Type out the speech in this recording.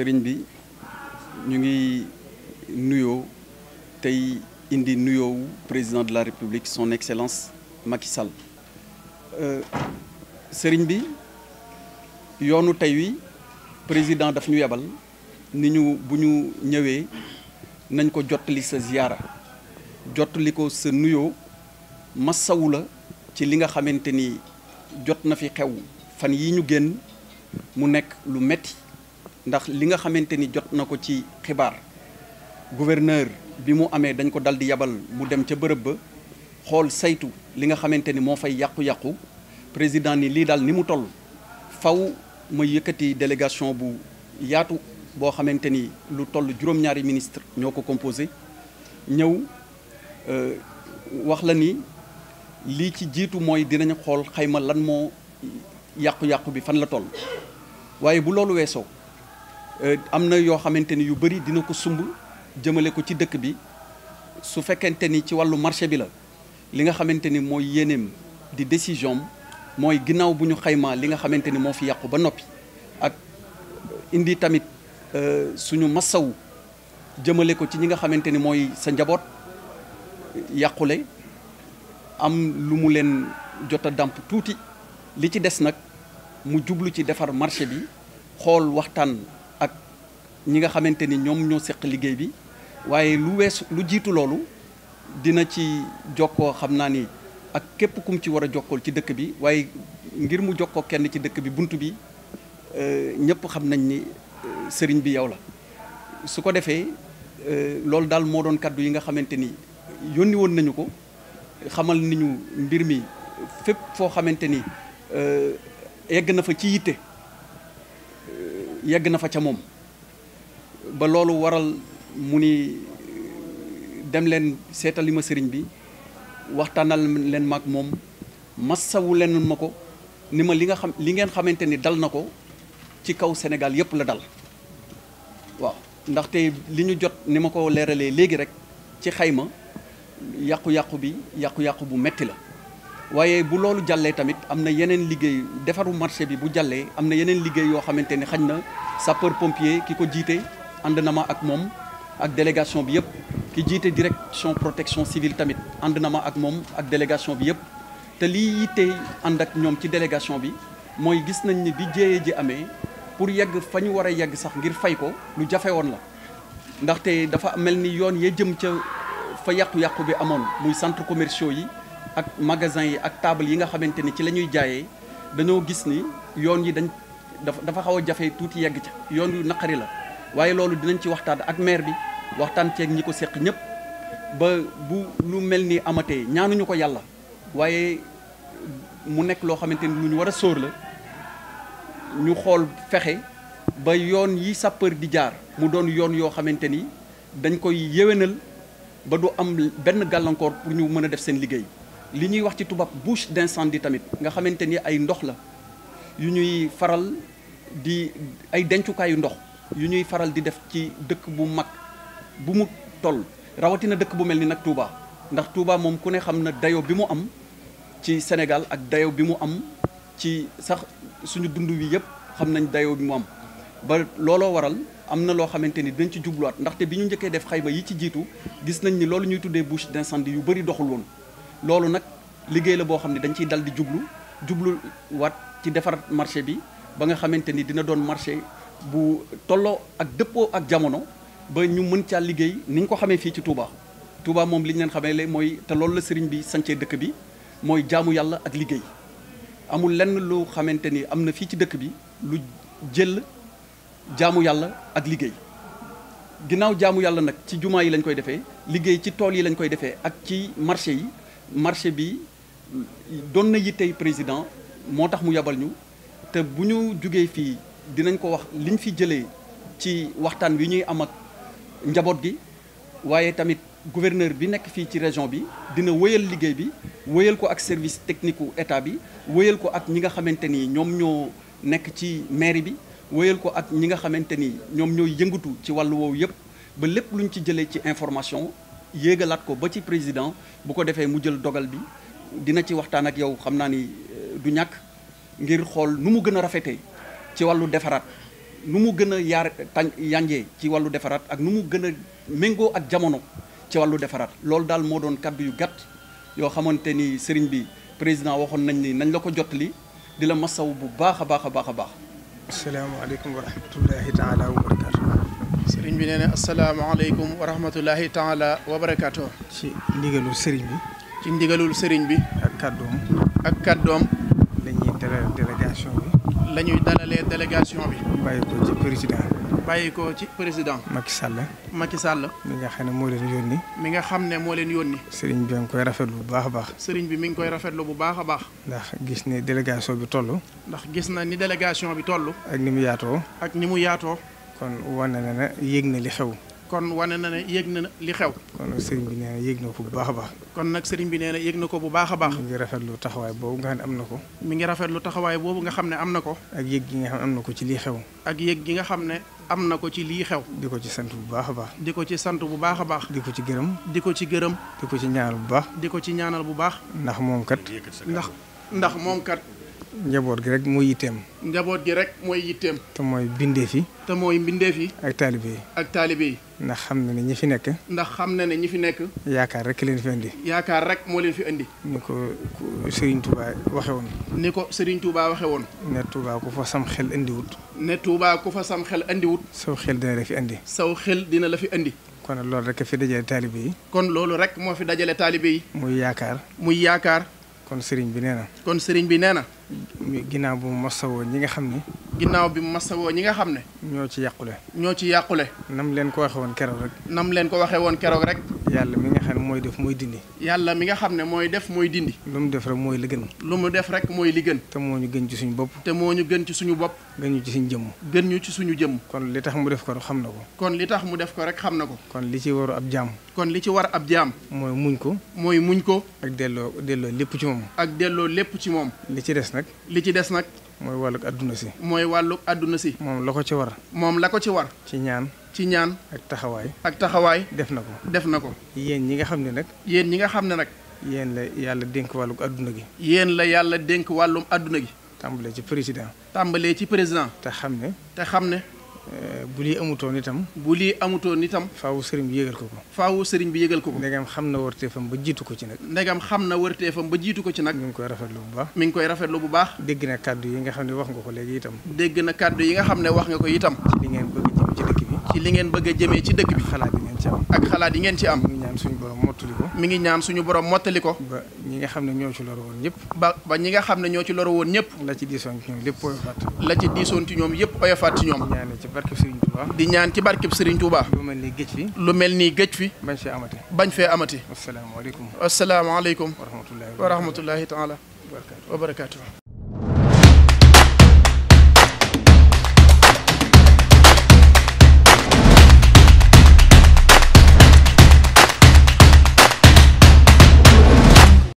sëriñ bi ñu ngi nuyoo tey indi nuyoowu président de la république son excellence Macky Sall euh, sëriñ bi yoonu tey wi président daf ñu yebal ni ñu bu ñu ñëwee nañ ko jottali sa ziyaara jottali ko sa nuyoo massawu la ci li nga xamante ni jot na fi xew fan yi ñu génn mu nekk lu metti ndax li nga xamante ni jot na ko ci xibaar gouverneur bi mu amee dañ ko dal di yabal mu dem ca bërëb ba xool saytu li nga xamante ni moo fay yàqu-yàqu président ni lii daal ni mu toll faw ma yëkkati délégation bu yaatu boo xamante ni lu toll juróom-ñaari ministre ñoo ko composé ñëw euh, wax la ni lii ci jiitu mooy dinañ xool xayma lan moo yàqu-yàqu bi fan la toll waaye bu loolu weesoo Euh, am na yoo xamante ni yu bëri dina ko sumb jëmale ko ci dëkk bi su fekkente ni ci wàllu marché bi la li nga xamante ni mooy yéeneem di décision mooy ginnaaw bu ñu xaymaa li nga xamante ni moo fi yàqu ba noppi ak indi tamit euh, suñu massawu jëmale ko ci ñi nga xamante ni mooy sa njaboot yàqule am lu mu leen jot dàmp tuuti li ci des nag mu jublu ci defar marché bi xool waxtaan ñi nga xamante ni ñoom ñoo seq liggéey bi waaye lu weesu lu jiitu loolu dina ci jokkoo xam naa ni ak képp kum ci war a jokkool ci dëkk bi waaye ngir mu jokkoo kenn ci dëkk bi bunt bi euh, ñëpp xam nañ ni euh, sëriñ bi yow la su ko defee euh, loolu daal moo doon kàddu yi nga xamante ni yónni woon nañu ko xamal ni ñu mbir mi fépp foo xamante ni yegg na fa ci yitte yegg na fa ca moom ba loolu waral mu ni dem leen seetali ma sëriñ bi waxtaanal leen maag moom massawu leen ma ko ni ma li nga xam li ngeen xamante ni dal na ko ci kaw Sénégal yëpp la dal waaw ndaxte li ñu jot ni ma ko leeralee léegi rek ci xayma yàqu-yàqu bi yàqu-yàqu bu metti la waaye bu loolu jàllee tamit am na yeneen liggéey defaru marché bi bu jàllee am na yeneen liggéey yoo xamante ni xañ na sapeur pompier ki ko jiite ànd na ma ak moom ak délégation bi yëpp ki jiite direction protection civile tamit ànd na ma ak moom ak délégation bi yëpp te lii yitte ànd ak ñoom ci délégation bi mooy gis nañ ni bi jéyee ji amee pour yegg fa ñu war a yegg sax ngir fay ko lu jafe woon la ndaxte dafa mel ni yoon ya jëm ca fa yàqu-yàqu bi amoon muy centres commerciaux yi ak magasins yi ak table yi nga xamante ni ci la ñuy jaayee dañoo gis ni yoon yi dañ dafa xaw a jafe tuuti yegg ca yoon yu naqari la waaye loolu dinañ ci waxtaan ak maire bi waxtaan ceeg ñi ko seq ñëpp ba bu lu mel ni amatee ñaanuñu ko yàlla waaye mu nekk loo xamante ni lu ñu war a sóor la ñu xool fexe ba yoon yi sapeur di jaar mu doon yoon yoo xamante ni dañ koy yéwénal ba du am benn gàllankoor pour ñu mën a def seen liggéey li ñuy wax ci tubaab bouche d'incendie tamit nga xamante ni ay ndox la yu ñuy faral di ay dencukaayu ndox yu ñuy faral di def ci dëkk bu mag bu mu toll rawatina dëkk bu mel ni nag Touba ndax Touba moom ku ne xam na dayo bi mu am ci Sénégal ak dayo bi mu am ci sax suñu dund wi yëpp xam nañ dayo bi mu am ba looloo waral am na loo xamante ni dinañ ci jubluwaat ndaxte bi ñu njëkkee def xayma yi ci jiitu gis nañ ni loolu ñuy tuddee bouche d'incendie yu bëri doxul woon loolu nag liggéey la boo xam ne dañ ciy dal di jublu jubluwaat ci defar marché bi ba nga xamante ni dina doon marché bu tolloo ak dëppoo ak jamono ba ñu mën caa liggéey ni ko xamee fii ci Touba. Touba moom li ñu leen xamee léegi mooy te loolu la sëriñ bi sancee dëkk bi mooy jaamu yàlla ak liggéey amul lenn lu xamante ni am na fii ci dëkk bi lu jël jaamu yàlla ak liggéey. ginnaaw jaamu yàlla nag ci jumaa yi lañ koy defee liggéey ci tool yi lañ koy defee ak ci marché yi marché bi doon na yittey président moo tax mu yabal ñu te bu ñu jugee fii. dinañ ko wax liñ fi jëlee ci waxtaan wi ñuy am ak njaboot gi waaye tamit gouverneur bi nekk fii ci région bi dina wóyal liggéey bi wëyal ko ak service technique u état bi wëyal ko ak ñi nga xamante ni ñoom ñoo nekk ci mairie bi wëyal ko ak ñi nga xamante ni ñoom ñooy yëngatu ci wàllu woowu yëpp ba lépp luñ ci jëlee ci information yéegalaat ko ba ci président bu ko defee mu jël dogal bi dina ci waxtaan ak yow xam naa ni euh, du ñàkk ngir xool nu mu gën a rafetee ci wàllu defaraat nu mu gën a yaar tañ yanjee ci wàllu defaraat ak nu mu gën a méngoo ak jamono ci wàllu defaraat loolu daal moo doon kàddu yu gàtt yoo xamante ni sëriñ bi président waxoon nañ ni nañ la ko jot jotali di la masaw bu baax a baax a baax a baax. aleykum wa rahmatulahi taala wa barakaatu. sëriñ bi nee na asalaamaaleykum wa rahmatulahi taala wa barakaatu. ci ndigalul sëriñ bi. ci ndigalul sëriñ bi. ak kàddoom. ak kàddoom. dañuy dalal délégation bi. la ñuy dalalee délégation bi. bàyyi ko ci président. bàyyi ko ci président. Macky Sall. Macky sàll mi nga xam ne moo leen yónni. mi nga xam ne moo leen yónni. sëriñ bi mi ngi koy rafetlu bu baax a baax. sëriñ bi mi ngi koy rafetlu bu baax a baax. ndax gis ne délégation bi toll. ndax gis na ni délégation bi toll. ak ni mu yaatoo. ak ni mu yaatoo. kon wane na ne yéeg na li xew. kon wane na ne yéeg na li xew. kon nag sëriñ bi nee na yéeg na ko bu baax a baax. kon nag sëriñ bi nee na yéeg na ko bu baax a baax. mi ngi rafetlu taxawaay boobu nga am na ko. mi ngi rafetlu taxawaay boobu nga xam ne am na ko. ak yéeg gi nga xam ne am na ko ci lii xew. ak yéeg gi nga xam ne. am na ko ci lii xew. di ko ci sant bu baax a baax. di ko ci sant bu baax a baax. di ko ci gërëm. di ko ci gërëm. di ko ci ñaanal bu baax. di ko ci ñaanal bu baax. ndax moom kat. ndax ndax moom kat. njaboot gi rek mooy yitteem. njaboot gi rek mooy yitteem. te mooy bindeef yi. te mooy mbindeef yi. ak taalibe yi. ak taalibe yi. ndax xam na ne ñi fi nekk. ndax xam na ne ñi fi nekk. yaakaar rek leen fi indi. yaakaar rek moo leen fi indi. ni ko Serigne Touba waxe woon. ni ko Serigne Touba waxe woon. ne Touba ku fa sam ne Touba ku fa sam xel indiwut. saw xel fi indi. saw xel dina la fi indi. kon loolu rek fi dajale taalibe yi. kon loolu rek moo fi dajale taalibe yi. muy yaakaar. muy yaakaar. kon sëriñ bi nee na. kon Serigne bi nee na. ginnaaw bi mu masawoo ñi nga xam ne. ginnaaw bi mu massa woo ñi nga xam ne. ñoo ci yàqule. ñoo ci yàqule. nam leen ko waxee woon keroog rek. nam leen ko waxee woon keroog rek. yàlla mi nga xam ne mooy def mooy dindi. yàlla mi nga xam ne mooy def mooy dindi. lu mu def rek mooy li gën. lu mu def rek mooy li gën. te moo ñu gën ci suñu bopp. te moo ñu gën ci suñu bopp. gën ñu ci suñu jëmm. gën ñu ci suñu jëmm. kon li tax mu def ko rek xam na ko. kon li tax mu def ko rek xam na ko. kon li ci waru ab jaam. kon li ci war ab jaam. mooy muñ ko. mooy muñ ko. ak delloo delloo lépp ci moom. ak delloo lépp ci moom. li ci des nag nag. li ci des nag. mooy wàllug àdduna si. mooy wàllug àdduna si. moom la ko ci war. moom la ko ci war. ci ñaan. ci ñaan. ak taxawaay. ak taxawaay. def na ko def na ko. yéen ñi nga xam ne nag. yéen ñi nga xam ne nag. yéen la yàlla dénk wàllug àdduna gi. yéen la yàlla dénk wàllum àdduna gi. tàmbalee ci président. tàmbalee ci président. te xam ne. te xam ne. Euh, bu lii amutoon itam. bu lii amutoon itam. faawu sëriñ bi yëgal ko ko. faawu sëriñ bi yëgal ko ko. ndegam xam na fam ba jiitu ko ci nag. ndegam xam na warteefam ba jiitu ko ci nag. mi ngi koy rafetlu bu baax. mi ngi koy rafetlu bu baax. dégg na kàddu yi nga xam ne wax nga ko léegi itam. dégg na kàddu yi nga xam ne wax nga ko itam. li ngeen bëgg jëm ci dëkk bi. ci li ngeen bëgg a jëmee ci dëkk bi xalaat yi ngeen ci am ak xalaat yi ngeen ci am mi ngi ñaan suñu borom mottali ko mi ngi ñaan suñu borom mottali ko ba ñi nga xam ne ñoo ci loru woon ñëpp ba ba ñi nga xam ne ñoo ci loru woon ñëpp la ci diisoon ci ñoom lépp oyofaat la ci diisoon ci ñoom yëpp oyofaat ci ñoom ñaan ci barkeb Serigne Touba di ñaan ci barkeb Serigne Touba lu mel ni géej fi lu mel nii géej fi bañ fee amati bañ fee amati asalaamaaleykum asalaamaaleykum wa rahmatullahi taala wa barakaatu